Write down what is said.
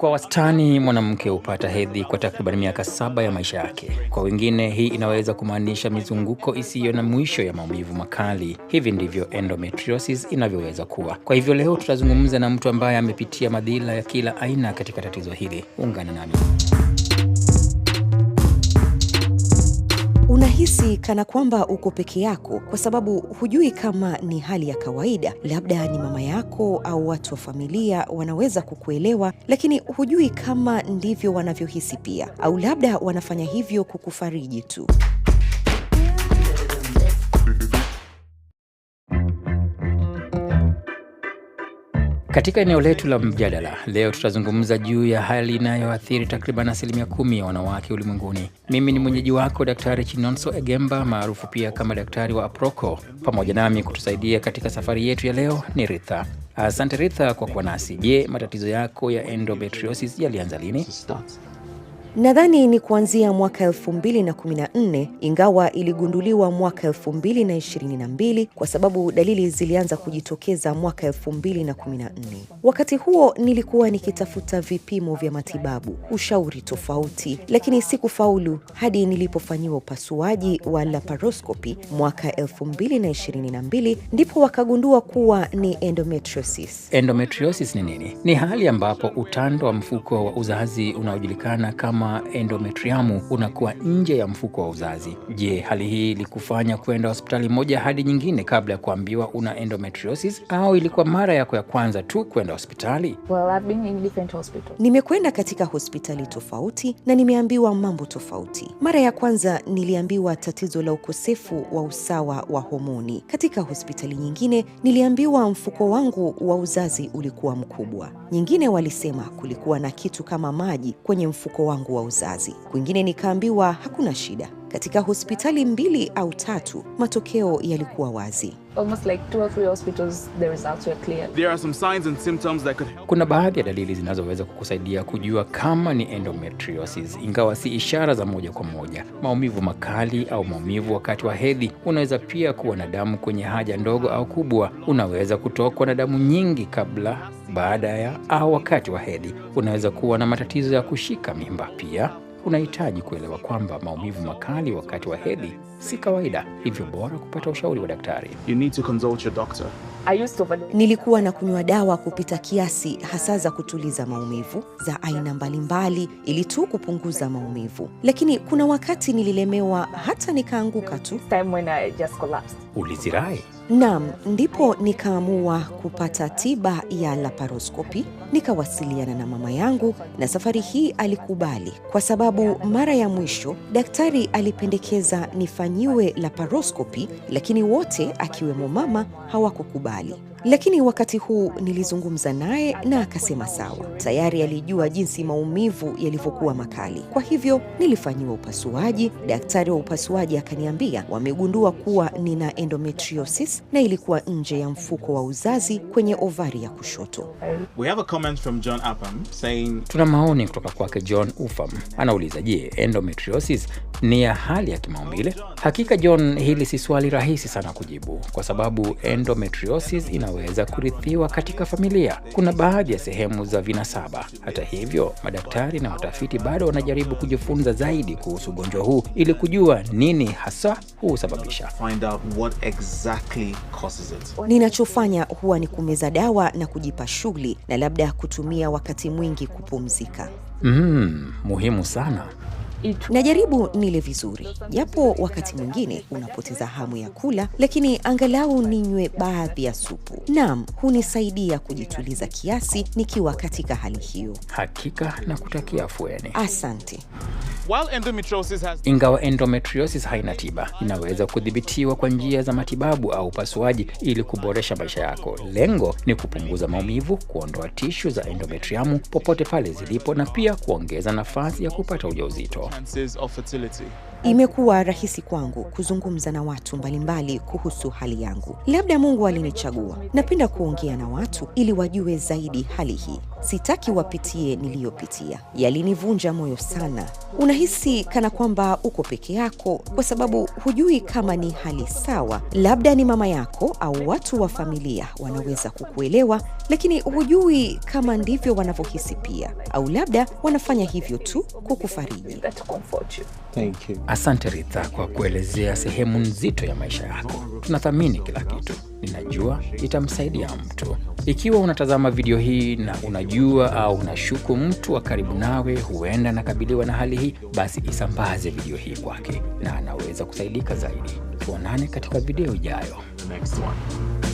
Kwa wastani mwanamke hupata hedhi kwa takriban miaka saba ya maisha yake. Kwa wengine, hii inaweza kumaanisha mizunguko isiyo na mwisho ya maumivu makali. Hivi ndivyo endometriosis inavyoweza kuwa. Kwa hivyo leo tutazungumza na mtu ambaye amepitia madhila ya kila aina katika tatizo hili. Ungana nami. unahisi kana kwamba uko peke yako, kwa sababu hujui kama ni hali ya kawaida, labda ni mama yako au watu wa familia wanaweza kukuelewa, lakini hujui kama ndivyo wanavyohisi pia, au labda wanafanya hivyo kukufariji tu. Katika eneo letu la mjadala leo, tutazungumza juu ya hali inayoathiri takriban asilimia kumi ya wanawake ulimwenguni. Mimi ni mwenyeji wako Daktari Chinonso Egemba, maarufu pia kama daktari wa Aproko. Pamoja nami kutusaidia katika safari yetu ya leo ni Ritha. Asante Ritha kwa kuwa nasi. Je, matatizo yako ya endometriosis yalianza lini? Nadhani ni kuanzia mwaka 2014 ingawa iligunduliwa mwaka 2022 kwa sababu dalili zilianza kujitokeza mwaka 2014. Wakati huo nilikuwa nikitafuta vipimo vya matibabu, ushauri tofauti, lakini sikufaulu hadi nilipofanyiwa upasuaji wa laparoskopi mwaka 2022, ndipo wakagundua kuwa ni endometriosis. Endometriosis ni nini? Ni hali ambapo utando wa mfuko wa uzazi unaojulikana kama kama endometriamu unakuwa nje ya mfuko wa uzazi. Je, hali hii ilikufanya kwenda hospitali moja hadi nyingine kabla ya kuambiwa una endometriosis au ilikuwa mara yako ya kwanza tu kwenda hospitali? Well, nimekwenda katika hospitali tofauti na nimeambiwa mambo tofauti. Mara ya kwanza niliambiwa tatizo la ukosefu wa usawa wa homoni. Katika hospitali nyingine niliambiwa mfuko wangu wa uzazi ulikuwa mkubwa. Nyingine walisema kulikuwa na kitu kama maji kwenye mfuko wangu wangu wa uzazi. Kwingine nikaambiwa hakuna shida, katika hospitali mbili au tatu, matokeo yalikuwa wazi. kuna baadhi ya dalili zinazoweza kukusaidia kujua kama ni endometriosis, ingawa si ishara za moja kwa moja. Maumivu makali au maumivu wakati wa hedhi. Unaweza pia kuwa na damu kwenye haja ndogo au kubwa. Unaweza kutokwa na damu nyingi kabla, baada ya au wakati wa hedhi. Unaweza kuwa na matatizo ya kushika mimba pia unahitaji kuelewa kwamba maumivu makali wakati wa hedhi si kawaida, hivyo bora kupata ushauri wa daktari. You need to consult your doctor. Nilikuwa na kunywa dawa kupita kiasi, hasa za kutuliza maumivu za aina mbalimbali, ili tu kupunguza maumivu, lakini kuna wakati nililemewa hata nikaanguka tu. Ulizirai? Naam, ndipo nikaamua kupata tiba ya laparoskopi. Nikawasiliana na mama yangu, na safari hii alikubali kwa sababu sababu mara ya mwisho daktari alipendekeza nifanyiwe laparoskopi, lakini wote akiwemo mama hawakukubali. Lakini wakati huu nilizungumza naye na akasema sawa, tayari alijua jinsi maumivu yalivyokuwa makali. Kwa hivyo nilifanyiwa upasuaji. Daktari wa upasuaji akaniambia wamegundua kuwa nina endometriosis na ilikuwa nje ya mfuko wa uzazi kwenye ovari ya kushoto. We have a comment from John Upham saying... tuna maoni kutoka kwake John Upham anauliza, je, endometriosis ni ya hali ya kimaumbile? Hakika John, hili si swali rahisi sana kujibu kwa sababu endometriosis ina zinaweza kurithiwa katika familia, kuna baadhi ya sehemu za vinasaba. Hata hivyo, madaktari na watafiti bado wanajaribu kujifunza zaidi kuhusu ugonjwa huu ili kujua nini hasa huusababisha. Exactly ninachofanya huwa ni kumeza dawa na kujipa shughuli na labda kutumia wakati mwingi kupumzika. Mm, muhimu sana. Najaribu nile vizuri, japo wakati mwingine unapoteza hamu ya kula, lakini angalau ninywe baadhi ya supu. Naam, hunisaidia kujituliza kiasi nikiwa katika hali hiyo. Hakika nakutakia afueni. Asante. Ingawa endometriosis haina tiba, inaweza kudhibitiwa kwa njia za matibabu au upasuaji ili kuboresha maisha yako. Lengo ni kupunguza maumivu, kuondoa tishu za endometriamu popote pale zilipo, na pia kuongeza nafasi ya kupata ujauzito. Imekuwa rahisi kwangu kuzungumza na watu mbalimbali kuhusu hali yangu. Labda Mungu alinichagua. Napenda kuongea na watu ili wajue zaidi hali hii. Sitaki wapitie niliyopitia, yalinivunja moyo sana. Una unahisi kana kwamba uko peke yako, kwa sababu hujui kama ni hali sawa. Labda ni mama yako au watu wa familia wanaweza kukuelewa, lakini hujui kama ndivyo wanavyohisi pia, au labda wanafanya hivyo tu kukufariji. Asante Ritha kwa kuelezea sehemu nzito ya maisha yako. Tunathamini kila kitu. Ninajua itamsaidia mtu. Ikiwa unatazama video hii na unajua au unashuku mtu wa karibu nawe huenda anakabiliwa na hali hii, basi isambaze video hii kwake na anaweza kusaidika zaidi. Tuonane katika video ijayo. Next one.